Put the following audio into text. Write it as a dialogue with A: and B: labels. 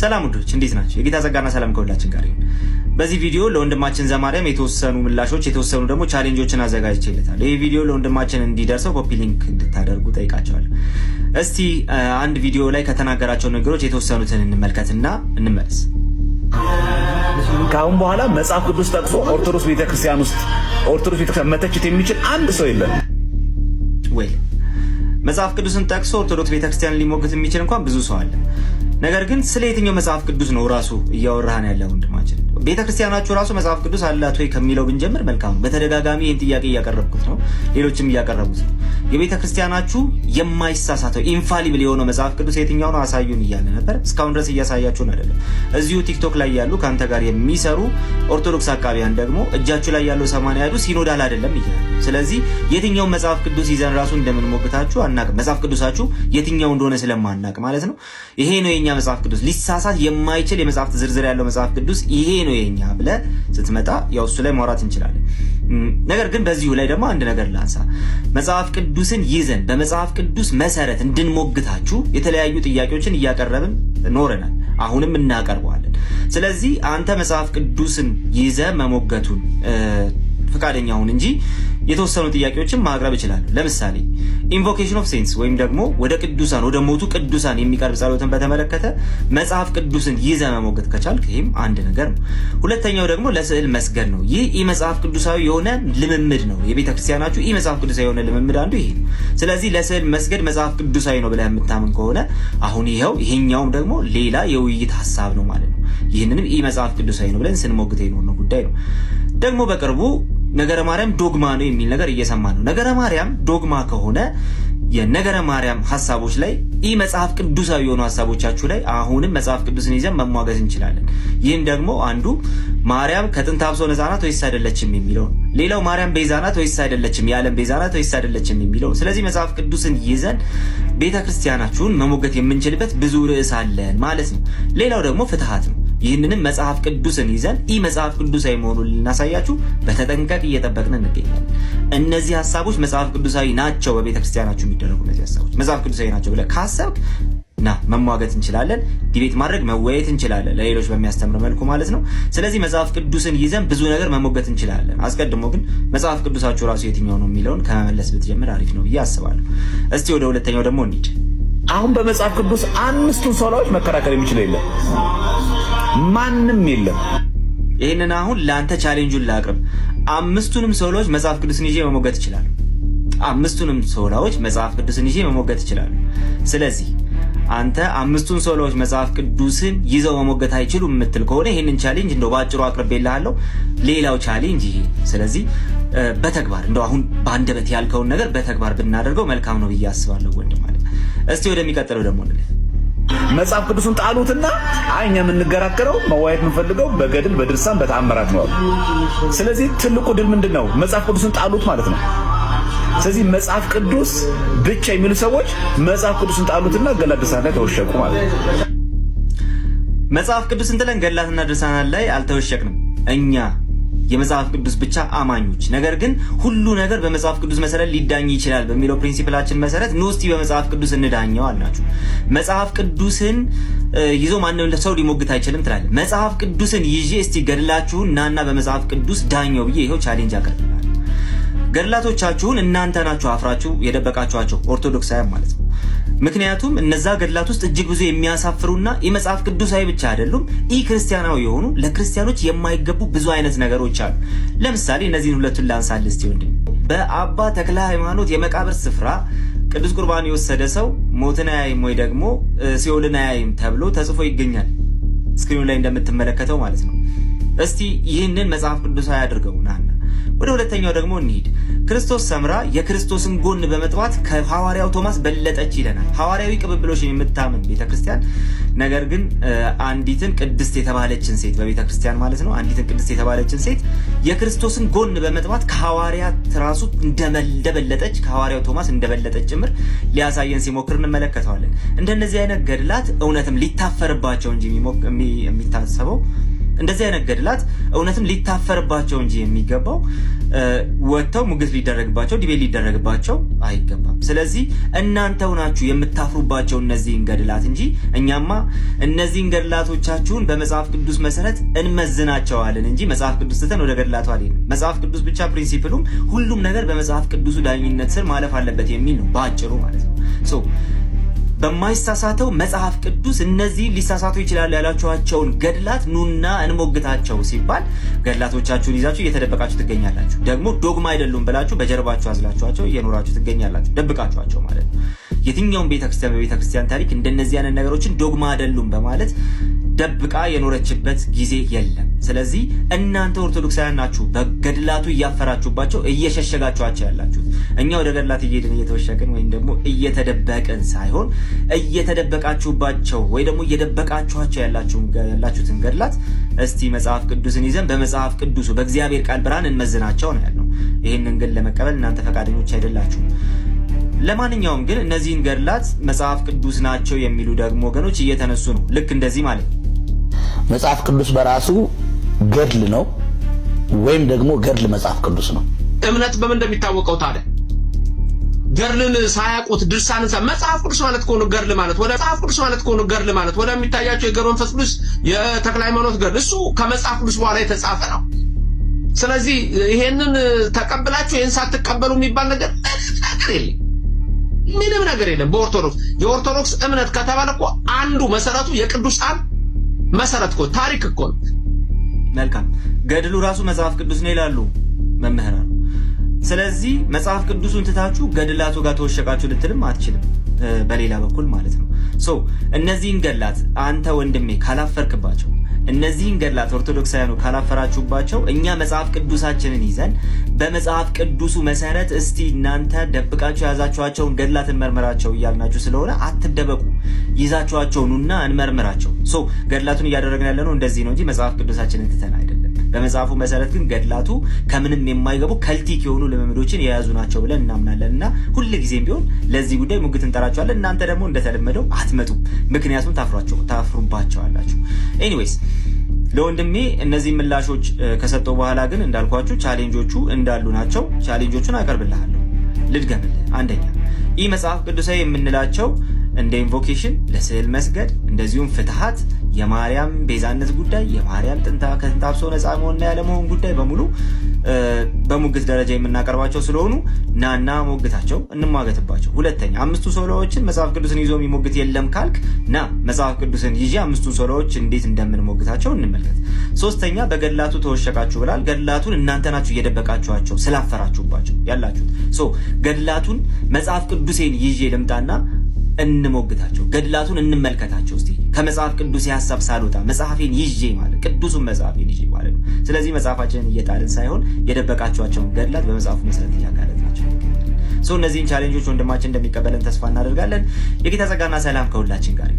A: ሰላም ውዶች እንዴት ናቸው? የጌታ ጸጋና ሰላም ከሁላችን ጋር ይሁን። በዚህ ቪዲዮ ለወንድማችን ዘማርያም የተወሰኑ ምላሾች፣ የተወሰኑ ደግሞ ቻሌንጆችን አዘጋጅቼለታለሁ። ይህ ቪዲዮ ለወንድማችን እንዲደርሰው ኮፒ ሊንክ እንድታደርጉ ጠይቃቸዋል። እስቲ አንድ ቪዲዮ ላይ ከተናገራቸው ነገሮች የተወሰኑትን እንመልከትና እንመለስ።
B: ከአሁን በኋላ መጽሐፍ ቅዱስ ጠቅሶ ኦርቶዶክስ ቤተክርስቲያን ውስጥ ኦርቶዶክስ ቤተክርስቲያን መተችት የሚችል አንድ ሰው የለም
A: ወይ? መጽሐፍ ቅዱስን ጠቅሶ ኦርቶዶክስ ቤተክርስቲያን ሊሞግት የሚችል እንኳን ብዙ ሰው አለ። ነገር ግን ስለ የትኛው መጽሐፍ ቅዱስ ነው ራሱ እያወራህን ያለ ወንድማችን? ቤተ ክርስቲያናችሁ ራሱ መጽሐፍ ቅዱስ አላት ወይ ከሚለው ብንጀምር መልካም። በተደጋጋሚ ይህን ጥያቄ እያቀረብኩት ነው፣ ሌሎችም እያቀረቡት ነው። የቤተ ክርስቲያናችሁ የማይሳሳተው ኢንፋሊብል የሆነው መጽሐፍ ቅዱስ የትኛው ነው አሳዩን እያለ ነበር። እስካሁን ድረስ እያሳያችሁን አይደለም። እዚሁ ቲክቶክ ላይ ያሉ ከአንተ ጋር የሚሰሩ ኦርቶዶክስ አቃቢያን ደግሞ እጃችሁ ላይ ያለው ሰማንያ ያሉ ሲኖዳል አይደለም እያለ ስለዚህ የትኛውን መጽሐፍ ቅዱስ ይዘን ራሱ እንደምንሞግታችሁ አናውቅም። መጽሐፍ ቅዱሳችሁ የትኛው እንደሆነ ስለማናቅ ማለት ነው። ይሄ ነው የእኛ መጽሐፍ ቅዱስ ሊሳሳት የማይችል የመጽሐፍት ዝርዝር ያለው መጽሐፍ ቅዱስ ይሄ ነው የኛ ብለ ስትመጣ ያው እሱ ላይ ማውራት እንችላለን። ነገር ግን በዚሁ ላይ ደግሞ አንድ ነገር ላንሳ። መጽሐፍ ቅዱስን ይዘን በመጽሐፍ ቅዱስ መሰረት እንድንሞግታችሁ የተለያዩ ጥያቄዎችን እያቀረብን ኖረናል። አሁንም እናቀርበዋለን። ስለዚህ አንተ መጽሐፍ ቅዱስን ይዘ መሞገቱን ፈቃደኛ ሁን እንጂ የተወሰኑ ጥያቄዎችን ማቅረብ ይችላሉ። ለምሳሌ ኢንቮኬሽን ኦፍ ሴንትስ ወይም ደግሞ ወደ ቅዱሳን ወደ ሞቱ ቅዱሳን የሚቀርብ ጸሎትን በተመለከተ መጽሐፍ ቅዱስን ይዘ መሞገት ከቻልክ ይህም አንድ ነገር ነው። ሁለተኛው ደግሞ ለስዕል መስገድ ነው። ይህ ኢ መጽሐፍ ቅዱሳዊ የሆነ ልምምድ ነው። የቤተ ክርስቲያናችሁ ኢ መጽሐፍ ቅዱሳዊ የሆነ ልምምድ አንዱ ይሄ ነው። ስለዚህ ለስዕል መስገድ መጽሐፍ ቅዱሳዊ ነው ብለህ የምታምን ከሆነ አሁን ይኸው ይሄኛውም ደግሞ ሌላ የውይይት ሀሳብ ነው ማለት ነው። ይህንንም ኢ መጽሐፍ ቅዱሳዊ ነው ብለን ስንሞግት የኖርነው ጉዳይ ነው። ደግሞ በቅርቡ ነገረ ማርያም ዶግማ ነው የሚል ነገር እየሰማ ነው። ነገረ ማርያም ዶግማ ከሆነ የነገረ ማርያም ሀሳቦች ላይ ይህ መጽሐፍ ቅዱሳዊ የሆኑ ሀሳቦቻችሁ ላይ አሁንም መጽሐፍ ቅዱስን ይዘን መሟገዝ እንችላለን። ይህም ደግሞ አንዱ ማርያም ከጥንት አብሶ ነፃናት ወይስ አይደለችም የሚለው ሌላው ማርያም ቤዛናት ወይስ አይደለችም፣ የዓለም ቤዛናት ወይስ አይደለችም የሚለው። ስለዚህ መጽሐፍ ቅዱስን ይዘን ቤተ ክርስቲያናችሁን መሞገት የምንችልበት ብዙ ርዕስ አለን ማለት ነው። ሌላው ደግሞ ፍትሀት ነው። ይህንንም መጽሐፍ ቅዱስን ይዘን ይህ መጽሐፍ ቅዱሳዊ መሆኑን ልናሳያችሁ በተጠንቀቅ እየጠበቅን እንገኛለን። እነዚህ ሀሳቦች መጽሐፍ ቅዱሳዊ ናቸው፣ በቤተክርስቲያናችሁ የሚደረጉ እነዚህ ሀሳቦች መጽሐፍ ቅዱሳዊ ናቸው ብለህ ካሰብክ ና መሟገት እንችላለን። ዲቤት ማድረግ መወየት እንችላለን፣ ለሌሎች በሚያስተምር መልኩ ማለት ነው። ስለዚህ መጽሐፍ ቅዱስን ይዘን ብዙ ነገር መሞገት እንችላለን። አስቀድሞ ግን መጽሐፍ ቅዱሳችሁ ራሱ የትኛው ነው የሚለውን ከመመለስ ብትጀምር አሪፍ ነው ብዬ አስባለሁ። እስቲ ወደ ሁለተኛው ደግሞ እንሂድ።
B: አሁን በመጽሐፍ ቅዱስ አምስቱን ሶላዎች መከራከር የሚችለው የለም። ማንም የለም።
A: ይህንን አሁን ለአንተ ቻሌንጁን ላቅርብ። አምስቱንም ሰውላዎች መጽሐፍ ቅዱስን ይዤ መሞገት ይችላል። አምስቱንም ሰውላዎች መጽሐፍ ቅዱስን ይዤ መሞገት ይችላል። ስለዚህ አንተ አምስቱን ሰውላዎች መጽሐፍ ቅዱስን ይዘው መሞገት አይችሉ የምትል ከሆነ ይህንን ቻሌንጅ እንደው በአጭሩ አቅርቤልሃለሁ። ሌላው ቻሌንጅ ይሄ። ስለዚህ በተግባር እንደው አሁን በአንደበት ያልከውን ነገር በተግባር ብናደርገው መልካም ነው ብዬ አስባለሁ ወንድም። እስቲ ወደሚቀጥለው ደግሞ
B: መጽሐፍ ቅዱስን ጣሉትና አይ እኛ የምንገራገረው መዋየት የምንፈልገው በገድል በድርሳን በተአምራት ነው። ስለዚህ ትልቁ ድል ምንድን ነው? መጽሐፍ ቅዱስን ጣሉት ማለት ነው። ስለዚህ መጽሐፍ ቅዱስ ብቻ የሚሉ ሰዎች መጽሐፍ ቅዱስን ጣሉትና ገድላት ድርሳን ላይ ተወሸቁ ማለት ነው።
A: መጽሐፍ ቅዱስን ጥለን ገድላትና ድርሳናት ላይ አልተወሸቅንም እኛ የመጽሐፍ ቅዱስ ብቻ አማኞች ነገር ግን ሁሉ ነገር በመጽሐፍ ቅዱስ መሰረት ሊዳኝ ይችላል በሚለው ፕሪንሲፕላችን መሰረት ኑ እስቲ በመጽሐፍ ቅዱስ እንዳኘው አልናችሁ። መጽሐፍ ቅዱስን ይዞ ማንም ሰው ሊሞግት አይችልም ትላለ። መጽሐፍ ቅዱስን ይዤ እስቲ ገድላችሁ ናና በመጽሐፍ ቅዱስ ዳኘው ብዬ ይኸው ቻሌንጅ አቀርብላለሁ። ገድላቶቻችሁን እናንተ ናችሁ አፍራችሁ የደበቃችኋቸው ኦርቶዶክሳውያን ማለት ነው። ምክንያቱም እነዛ ገድላት ውስጥ እጅግ ብዙ የሚያሳፍሩና የመጽሐፍ ቅዱሳዊ ብቻ አይደሉም ኢ ክርስቲያናዊ የሆኑ ለክርስቲያኖች የማይገቡ ብዙ አይነት ነገሮች አሉ። ለምሳሌ እነዚህን ሁለቱን ላንሳልህ እስቲ ወንድም። በአባ ተክለ ሃይማኖት የመቃብር ስፍራ ቅዱስ ቁርባን የወሰደ ሰው ሞትን አያይም ወይ ደግሞ ሲኦልን አያይም ተብሎ ተጽፎ ይገኛል። ስክሪኑ ላይ እንደምትመለከተው ማለት ነው። እስቲ ይህንን መጽሐፍ ቅዱሳዊ አድርገውና ወደ ሁለተኛው ደግሞ እንሂድ። ክርስቶስ ሰምራ የክርስቶስን ጎን በመጥባት ከሐዋርያው ቶማስ በለጠች ይለናል። ሐዋርያዊ ቅብብሎችን የምታምን ቤተክርስቲያን ነገር ግን አንዲትን ቅድስት የተባለችን ሴት በቤተክርስቲያን ማለት ነው። አንዲትን ቅድስት የተባለችን ሴት የክርስቶስን ጎን በመጥባት ከሐዋርያት ራሱ እንደበለጠች ከሐዋርያው ቶማስ እንደበለጠች ጭምር ሊያሳየን ሲሞክር እንመለከተዋለን። እንደነዚህ አይነት ገድላት እውነትም ሊታፈርባቸው እንጂ የሚታሰበው እንደዚህ አይነት ገድላት እውነትም ሊታፈርባቸው እንጂ የሚገባው ወጥተው ሙግት ሊደረግባቸው ዲቤት ሊደረግባቸው አይገባም። ስለዚህ እናንተው ናችሁ የምታፍሩባቸው እነዚህን ገድላት እንጂ እኛማ እነዚህን ገድላቶቻችሁን በመጽሐፍ ቅዱስ መሰረት እንመዝናቸዋለን እንጂ መጽሐፍ ቅዱስ ትተን ወደ ገድላቱ አልሄድንም። መጽሐፍ ቅዱስ ብቻ ፕሪንሲፕሉም ሁሉም ነገር በመጽሐፍ ቅዱሱ ዳኝነት ስር ማለፍ አለበት የሚል ነው በአጭሩ ማለት ነው። በማይሳሳተው መጽሐፍ ቅዱስ እነዚህ ሊሳሳቱ ይችላሉ ያላችኋቸውን ገድላት ኑና እንሞግታቸው ሲባል ገድላቶቻችሁን ይዛችሁ እየተደበቃችሁ ትገኛላችሁ። ደግሞ ዶግማ አይደሉም ብላችሁ በጀርባችሁ አዝላችኋቸው እየኖራችሁ ትገኛላችሁ። ደብቃችኋቸው ማለት ነው። የትኛውም ቤተክርስቲያን በቤተክርስቲያን ታሪክ እንደነዚህ አይነት ነገሮችን ዶግማ አይደሉም በማለት ደብቃ የኖረችበት ጊዜ የለም። ስለዚህ እናንተ ኦርቶዶክሳውያን ናችሁ በገድላቱ እያፈራችሁባቸው እየሸሸጋችኋቸው ያላችሁት። እኛ ወደ ገድላት እየሄድን እየተወሸቅን ወይም ደግሞ እየተደበቅን ሳይሆን እየተደበቃችሁባቸው ወይ ደግሞ እየደበቃችኋቸው ያላችሁትን ገድላት እስቲ መጽሐፍ ቅዱስን ይዘን በመጽሐፍ ቅዱሱ በእግዚአብሔር ቃል ብርሃን እንመዝናቸው ነው ያለው። ይህንን ግን ለመቀበል እናንተ ፈቃደኞች አይደላችሁም። ለማንኛውም ግን እነዚህን ገድላት መጽሐፍ ቅዱስ ናቸው የሚሉ ደግሞ ወገኖች እየተነሱ ነው። ልክ እንደዚህ ማለት ነው
B: መጽሐፍ ቅዱስ በራሱ ገድል ነው ወይም ደግሞ ገድል መጽሐፍ ቅዱስ ነው። እምነት በምን እንደሚታወቀው ታዲያ ገድልን ሳያውቁት ድርሳንን መጽሐፍ ቅዱስ ማለት ከሆነ ገድል ማለት ወደ መጽሐፍ ቅዱስ ማለት ከሆነ ገድል ማለት ወደ የሚታያቸው የገብረ መንፈስ ቅዱስ የተክለ ሃይማኖት ገድል እሱ ከመጽሐፍ ቅዱስ በኋላ የተጻፈ ነው። ስለዚህ ይሄንን ተቀብላችሁ ይሄን ሳትቀበሉ የሚባል ነገር ነገር የለም፣ ምንም ነገር የለም። በኦርቶዶክስ የኦርቶዶክስ እምነት ከተባለ እኮ አንዱ መሰረቱ የቅዱሳን መሰረት እኮ ታሪክ እኮ ነው።
A: መልካም ገድሉ ራሱ መጽሐፍ ቅዱስ ነው ይላሉ መምህራን። ስለዚህ መጽሐፍ ቅዱሱን ትታችሁ ገድላቱ ጋር ተወሸቃችሁ ልትልም አትችልም። በሌላ በኩል ማለት ነው እነዚህን ገላት አንተ ወንድሜ ካላፈርክባቸው እነዚህን ገድላት ኦርቶዶክሳውያኑ ካላፈራችሁባቸው እኛ መጽሐፍ ቅዱሳችንን ይዘን በመጽሐፍ ቅዱሱ መሰረት እስቲ እናንተ ደብቃችሁ የያዛችኋቸውን ገድላት እንመርምራቸው እያልናችሁ ስለሆነ አትደበቁ፣ ይዛችኋቸውኑና እንመርምራቸው። ገድላቱን እያደረግን ያለነው እንደዚህ ነው እንጂ መጽሐፍ ቅዱሳችንን ትተናል። በመጽሐፉ መሰረት ግን ገድላቱ ከምንም የማይገቡ ከልቲክ የሆኑ ልምምዶችን የያዙ ናቸው ብለን እናምናለን እና ጊዜም ቢሆን ለዚህ ጉዳይ ሙግት እንጠራቸዋለን። እናንተ ደግሞ እንደተለመደው አትመጡም፣ ምክንያቱም ታፍሩባቸዋላችሁ። ኤኒዌይስ ለወንድሜ እነዚህ ምላሾች ከሰጠው በኋላ ግን እንዳልኳችሁ ቻሌንጆቹ እንዳሉ ናቸው። ቻሌንጆቹን አቀርብልሃለሁ፣ ልድገምልህ። አንደኛ ይህ መጽሐፍ ቅዱሳዊ የምንላቸው እንደ ኢንቮኬሽን ለስዕል መስገድ እንደዚሁም ፍትሀት የማርያም ቤዛነት ጉዳይ፣ የማርያም ጥንታ ከጥንታብሶ ነፃ መሆንና ያለመሆን ጉዳይ በሙሉ በሙግት ደረጃ የምናቀርባቸው ስለሆኑ ናና ሞግታቸው እንሟገትባቸው። ሁለተኛ አምስቱ ሶላዎችን መጽሐፍ ቅዱስን ይዞ የሚሞግት የለም ካልክ ና መጽሐፍ ቅዱስን ይዤ አምስቱን ሶላዎች እንዴት እንደምንሞግታቸው እንመልከት። ሶስተኛ በገድላቱ ተወሸቃችሁ ብላል። ገድላቱን እናንተ ናችሁ እየደበቃችኋቸው ስላፈራችሁባቸው ያላችሁት ሶ ገድላቱን መጽሐፍ ቅዱሴን ይዤ ልምጣና እንሞግታቸው። ገድላቱን እንመልከታቸው እስቲ ከመጽሐፍ ቅዱስ የሀሳብ ሳልወጣ መጽሐፌን ይዤ ማለት ቅዱሱን መጽሐፌን ይዤ ማለት ነው። ስለዚህ መጽሐፋችንን እየጣልን ሳይሆን የደበቃቸዋቸውን ገድላት በመጽሐፉ መሰረት እያጋለጥ ናቸው። እነዚህን ቻሌንጆች ወንድማችን እንደሚቀበለን ተስፋ እናደርጋለን። የጌታ ጸጋና ሰላም ከሁላችን ጋር